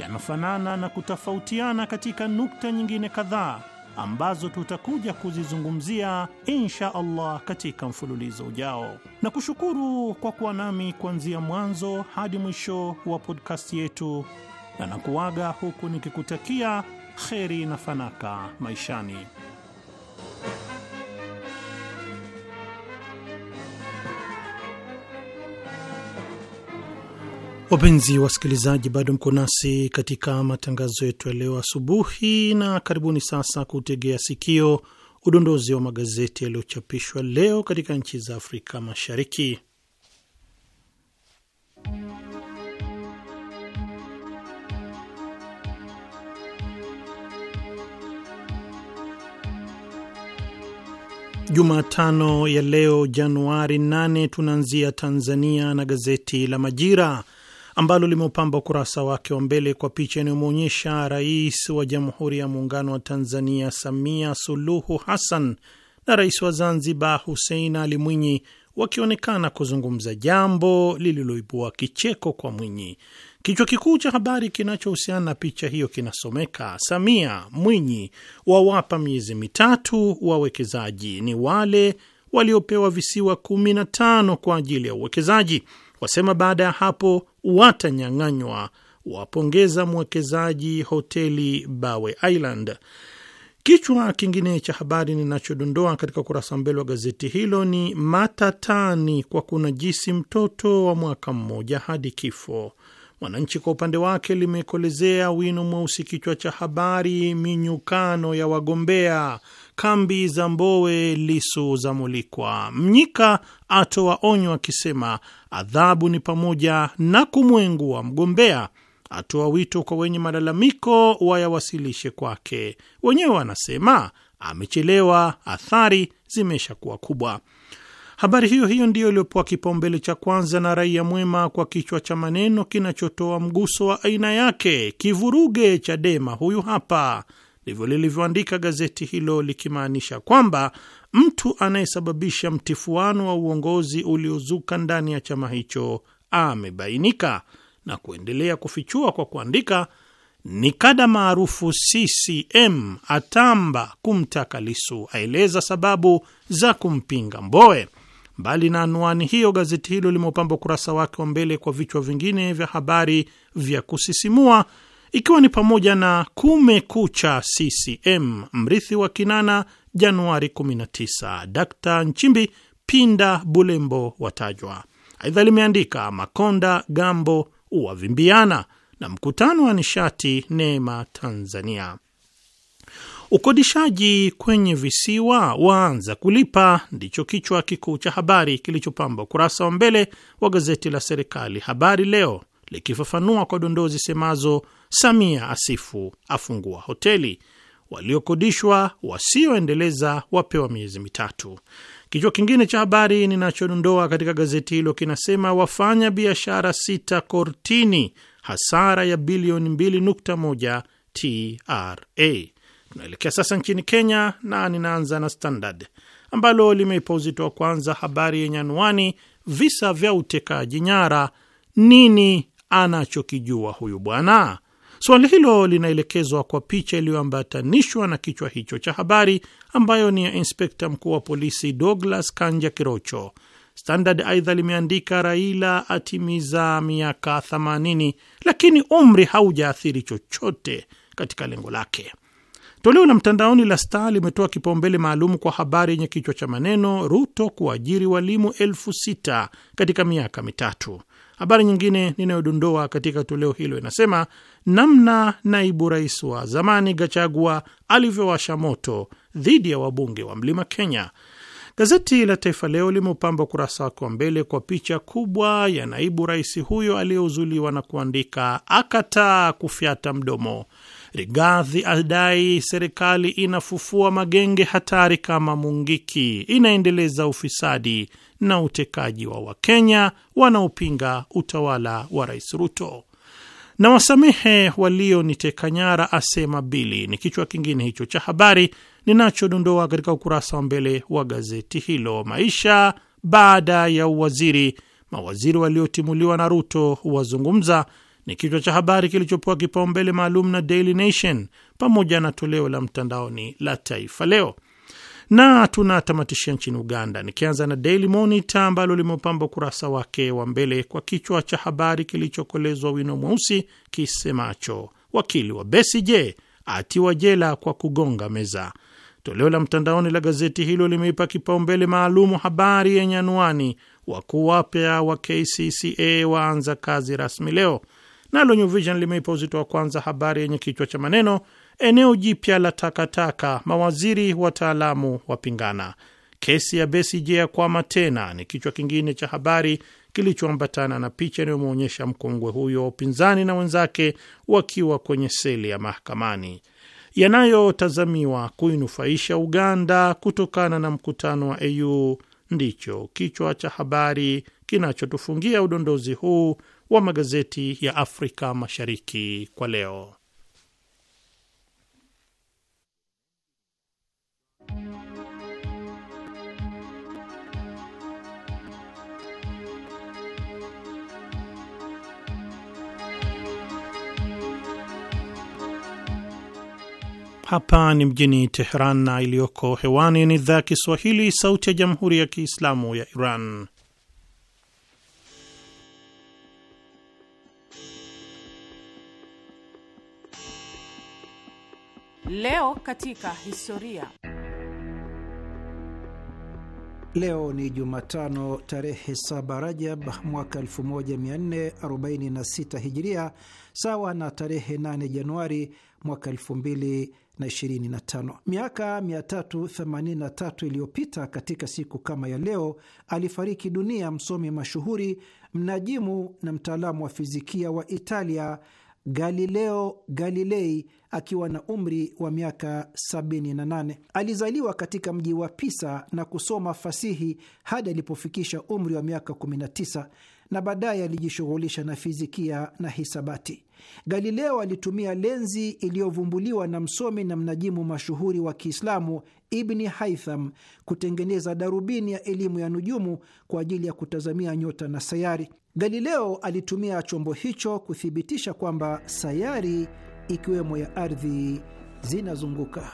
yanafanana na kutofautiana katika nukta nyingine kadhaa ambazo tutakuja kuzizungumzia insha Allah katika mfululizo ujao, na kushukuru kwa kuwa nami kuanzia mwanzo hadi mwisho wa podcast yetu, na nakuaga huku nikikutakia kheri na fanaka maishani. Wapenzi wasikilizaji, bado mko nasi katika matangazo yetu ya leo asubuhi, na karibuni sasa kutegea sikio udondozi wa magazeti yaliyochapishwa leo katika nchi za Afrika Mashariki. Jumatano ya leo Januari 8 tunaanzia Tanzania na gazeti la Majira ambalo limeupamba ukurasa wake wa mbele kwa picha inayomwonyesha rais wa Jamhuri ya Muungano wa Tanzania Samia Suluhu Hassan na rais wa Zanzibar husein Ali Mwinyi wakionekana kuzungumza jambo lililoibua kicheko kwa Mwinyi. Kichwa kikuu cha habari kinachohusiana na picha hiyo kinasomeka: Samia Mwinyi wawapa miezi mitatu wawekezaji. Ni wale waliopewa visiwa 15 kwa ajili ya uwekezaji wasema baada ya hapo watanyang'anywa, wapongeza mwekezaji hoteli Bawe Island. Kichwa kingine cha habari ninachodondoa katika ukurasa mbele wa gazeti hilo ni matatani kwa kunajisi mtoto wa mwaka mmoja hadi kifo. Mwananchi kwa upande wake limekolezea wino mweusi kichwa cha habari, minyukano ya wagombea kambi za Mbowe Lisu za mulikwa, Mnyika atoa onyo akisema adhabu ni pamoja na kumwengua mgombea, atoa wito kwa wenye malalamiko wayawasilishe kwake. Wenyewe wanasema amechelewa, athari zimeshakuwa kubwa. Habari hiyo hiyo ndiyo iliyopewa kipaumbele cha kwanza na Raia Mwema kwa kichwa cha maneno kinachotoa mguso wa aina yake, kivuruge Chadema huyu hapa. Ndivyo lilivyoandika gazeti hilo, likimaanisha kwamba mtu anayesababisha mtifuano wa uongozi uliozuka ndani ya chama hicho amebainika, na kuendelea kufichua kwa kuandika, ni kada maarufu CCM atamba kumtaka Lisu, aeleza sababu za kumpinga Mbowe. Mbali na anwani hiyo, gazeti hilo limeupamba ukurasa wake wa mbele kwa vichwa vingine vya habari vya kusisimua, ikiwa ni pamoja na kumekucha CCM, mrithi wa Kinana Januari 19, Dkt Nchimbi Pinda Bulembo watajwa. Aidha limeandika Makonda Gambo uwavimbiana na mkutano wa nishati Neema Tanzania. Ukodishaji kwenye visiwa waanza kulipa, ndicho kichwa kikuu cha habari kilichopamba ukurasa wa mbele wa gazeti la serikali Habari Leo, likifafanua kwa dondoo zisemazo: Samia asifu, afungua hoteli, waliokodishwa wasioendeleza wapewa miezi mitatu. Kichwa kingine cha habari ninachodondoa katika gazeti hilo kinasema wafanya biashara sita kortini, hasara ya bilioni 2.1 TRA. Tunaelekea sasa nchini Kenya na ninaanza na Standard ambalo limeipa uzito wa kwanza habari yenye anwani visa vya utekaji nyara, nini anachokijua huyu bwana? suali hilo linaelekezwa kwa picha iliyoambatanishwa na kichwa hicho cha habari ambayo ni ya inspekta mkuu wa polisi Douglas Kanja Kirocho. Standard aidha limeandika Raila atimiza miaka 80 lakini umri haujaathiri chochote katika lengo lake. Toleo la mtandaoni la Star limetoa kipaumbele maalum kwa habari yenye kichwa cha maneno Ruto kuajiri walimu elfu sita katika miaka mitatu. Habari nyingine ninayodondoa katika toleo hilo inasema namna naibu rais wa zamani Gachagua alivyowasha moto dhidi ya wabunge wa mlima Kenya. Gazeti la Taifa Leo limeupamba ukurasa wake wa mbele kwa picha kubwa ya naibu rais huyo aliyeuzuliwa na kuandika, akataa kufyata mdomo Rigathi adai serikali inafufua magenge hatari kama Mungiki, inaendeleza ufisadi na utekaji wa Wakenya wanaopinga utawala wa Rais Ruto. Na wasamehe walioniteka nyara, asema Bili, ni kichwa kingine hicho cha habari ninachodondoa katika ukurasa wa mbele wa gazeti hilo. Maisha baada ya uwaziri, mawaziri waliotimuliwa na Ruto wazungumza ni kichwa cha habari kilichopewa kipaumbele maalum na Daily Nation pamoja na toleo la mtandaoni la Taifa Leo, na tunatamatishia nchini Uganda, nikianza na Daily Monitor ambalo limeupamba ukurasa wake wa mbele kwa kichwa cha habari kilichokolezwa wino mweusi kisemacho wakili wa Besigye atiwa jela kwa kugonga meza. Toleo la mtandaoni la gazeti hilo limeipa kipaumbele maalumu habari yenye anwani wakuu wapya wa KCCA waanza kazi rasmi leo, Nalo New Vision limeipa uzito wa kwanza habari yenye kichwa cha maneno eneo jipya la takataka, mawaziri wataalamu wapingana, kesi ya Besigye yakwama tena, ni kichwa kingine cha habari kilichoambatana na picha inayomwonyesha mkongwe huyo wa upinzani na wenzake wakiwa kwenye seli ya mahakamani yanayotazamiwa kuinufaisha Uganda kutokana na mkutano wa AU ndicho kichwa cha habari kinachotufungia udondozi huu wa magazeti ya Afrika Mashariki kwa leo. Hapa ni mjini Teheran na iliyoko hewani ni idhaa ya Kiswahili, sauti ya jamhuri ya kiislamu ya Iran. Leo katika historia. Leo ni Jumatano tarehe 7 Rajab mwaka 1446 Hijiria, sawa na tarehe 8 Januari mwaka 2025. Miaka 383 iliyopita katika siku kama ya leo alifariki dunia msomi mashuhuri, mnajimu na mtaalamu wa fizikia wa Italia Galileo Galilei akiwa na umri wa miaka 78. Alizaliwa katika mji wa Pisa na kusoma fasihi hadi alipofikisha umri wa miaka 19 na baadaye alijishughulisha na fizikia na hisabati. Galileo alitumia lenzi iliyovumbuliwa na msomi na mnajimu mashuhuri wa Kiislamu Ibni Haytham kutengeneza darubini ya elimu ya nujumu kwa ajili ya kutazamia nyota na sayari. Galileo alitumia chombo hicho kuthibitisha kwamba sayari ikiwemo ya ardhi zinazunguka.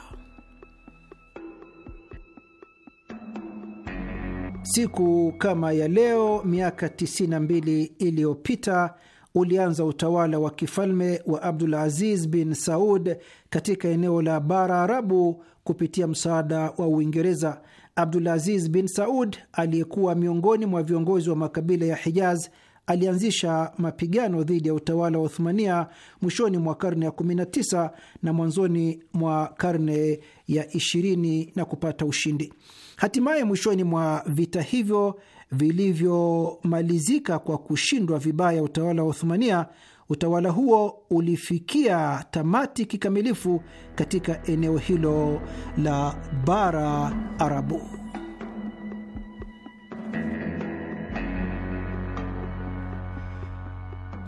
Siku kama ya leo miaka 92 iliyopita ulianza utawala wa kifalme wa Abdul Aziz bin Saud katika eneo la bara Arabu kupitia msaada wa Uingereza. Abdul Aziz bin Saud aliyekuwa miongoni mwa viongozi wa makabila ya Hijaz alianzisha mapigano dhidi ya utawala wa Uthmania mwishoni mwa karne ya 19 na mwanzoni mwa karne ya 20 na kupata ushindi. Hatimaye mwishoni mwa vita hivyo vilivyomalizika kwa kushindwa vibaya utawala wa Uthmania, utawala huo ulifikia tamati kikamilifu katika eneo hilo la bara Arabu.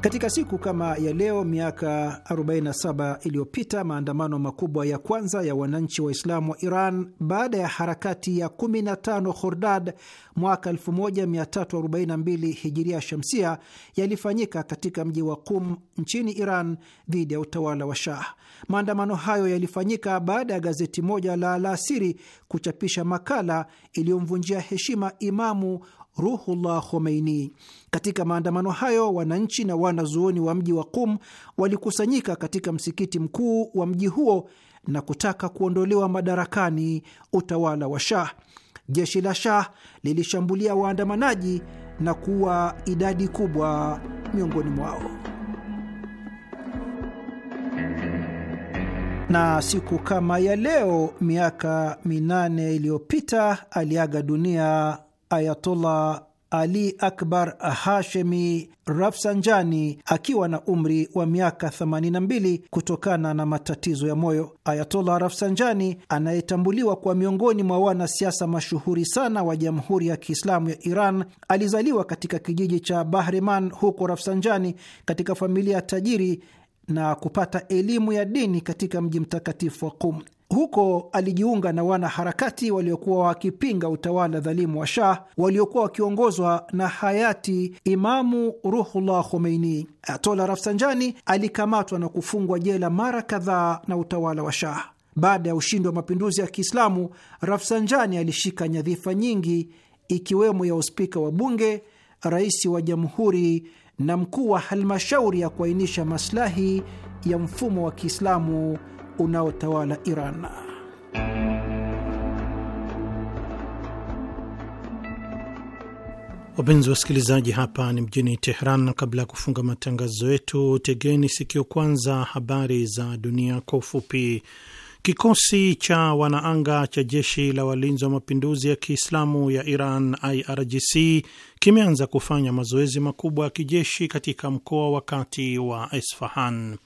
Katika siku kama ya leo miaka 47 iliyopita maandamano makubwa ya kwanza ya wananchi Waislamu wa Iran baada ya harakati ya 15 Khordad mwaka 1342 Hijiria Shamsia yalifanyika katika mji wa Qum nchini Iran dhidi ya utawala wa Shah. Maandamano hayo yalifanyika baada ya gazeti moja la alasiri kuchapisha makala iliyomvunjia heshima Imamu Ruhullah Khomeini katika maandamano hayo, wananchi na wanazuoni wa mji wa Qum walikusanyika katika msikiti mkuu wa mji huo na kutaka kuondolewa madarakani utawala wa Shah. Jeshi la Shah lilishambulia waandamanaji na kuwa idadi kubwa miongoni mwao. Na siku kama ya leo miaka minane iliyopita aliaga dunia Ayatollah ali Akbar Hashemi Rafsanjani akiwa na umri wa miaka 82 kutokana na matatizo ya moyo. Ayatollah Rafsanjani anayetambuliwa kwa miongoni mwa wanasiasa mashuhuri sana wa Jamhuri ya Kiislamu ya Iran alizaliwa katika kijiji cha Bahreman huko Rafsanjani katika familia ya tajiri na kupata elimu ya dini katika mji mtakatifu wa Qum. Huko alijiunga na wanaharakati waliokuwa wakipinga utawala dhalimu wa Shah waliokuwa wakiongozwa na hayati Imamu Ruhullah Khomeini. Atola Rafsanjani alikamatwa na kufungwa jela mara kadhaa na utawala wa Shah. Baada ya ushindi wa mapinduzi ya Kiislamu, Rafsanjani alishika nyadhifa nyingi ikiwemo ya uspika wa bunge, rais wa jamhuri na mkuu wa halmashauri ya kuainisha maslahi ya mfumo wa Kiislamu unaotawala Iran. Wapenzi wasikilizaji, hapa ni mjini Teheran. Kabla ya kufunga matangazo yetu, tegeni sikio kwanza habari za dunia kwa ufupi. Kikosi cha wanaanga cha jeshi la walinzi wa mapinduzi ya Kiislamu ya Iran, IRGC, kimeanza kufanya mazoezi makubwa ya kijeshi katika mkoa wa kati wa Esfahan.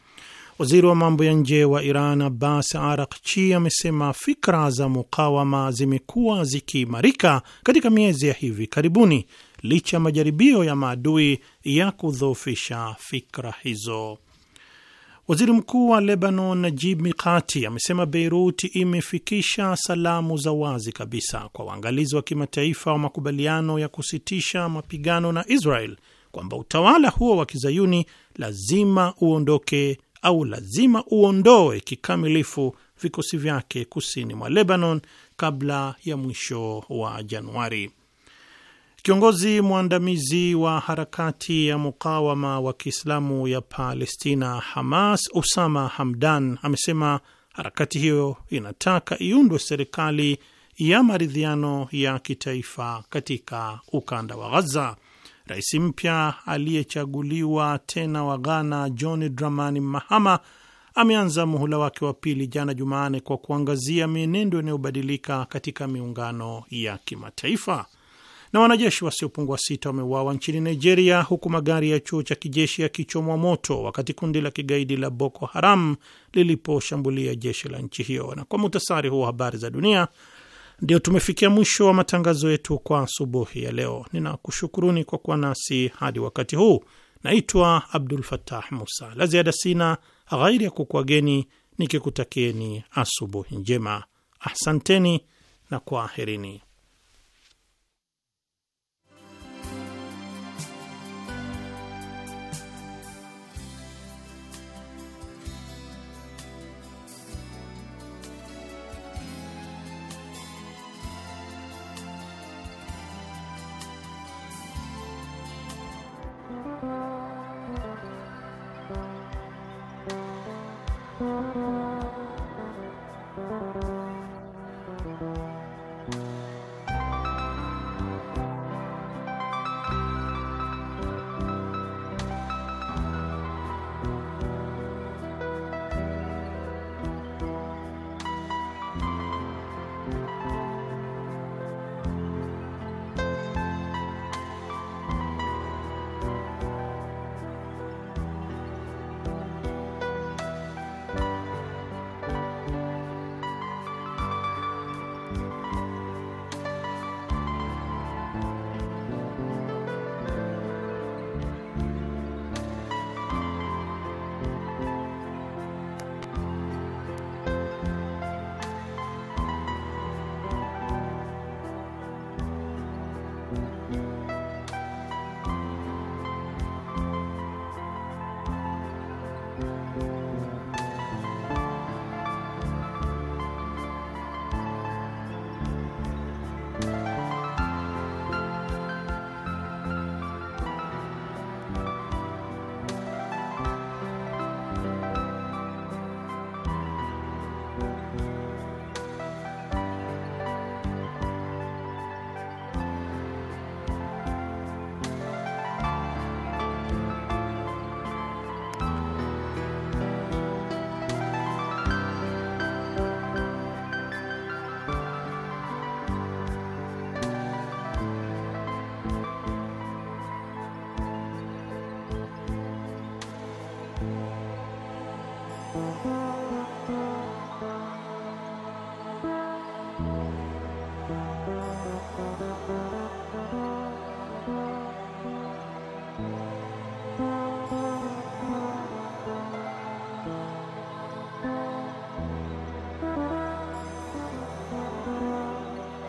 Waziri wa mambo ya nje wa Iran Abbas Arakchi amesema fikra za mukawama zimekuwa zikiimarika katika miezi ya hivi karibuni licha ya majaribio ya maadui ya kudhoofisha fikra hizo. Waziri mkuu wa Lebanon Najib Mikati amesema Beirut imefikisha salamu za wazi kabisa kwa waangalizi wa kimataifa wa makubaliano ya kusitisha mapigano na Israel kwamba utawala huo wa kizayuni lazima uondoke au lazima uondoe kikamilifu vikosi vyake kusini mwa Lebanon kabla ya mwisho wa Januari. Kiongozi mwandamizi wa harakati ya mukawama wa Kiislamu ya Palestina, Hamas, Usama Hamdan, amesema harakati hiyo inataka iundwe serikali ya maridhiano ya kitaifa katika ukanda wa Ghaza. Rais mpya aliyechaguliwa tena wa Ghana, John Dramani Mahama, ameanza muhula wake wa pili jana Jumanne kwa kuangazia mienendo inayobadilika katika miungano ya kimataifa. Na wanajeshi wasiopungua sita wameuawa nchini Nigeria, huku magari ya chuo cha kijeshi yakichomwa moto wakati kundi la kigaidi la Boko Haram liliposhambulia jeshi la nchi hiyo. Na kwa muhtasari huu wa habari za dunia ndio tumefikia mwisho wa matangazo yetu kwa asubuhi ya leo. Ninakushukuruni kwa kuwa nasi hadi wakati huu. Naitwa Abdul fatah Musa. La ziada sina ghairi ya kukwageni nikikutakieni asubuhi njema. Asanteni na kwaherini.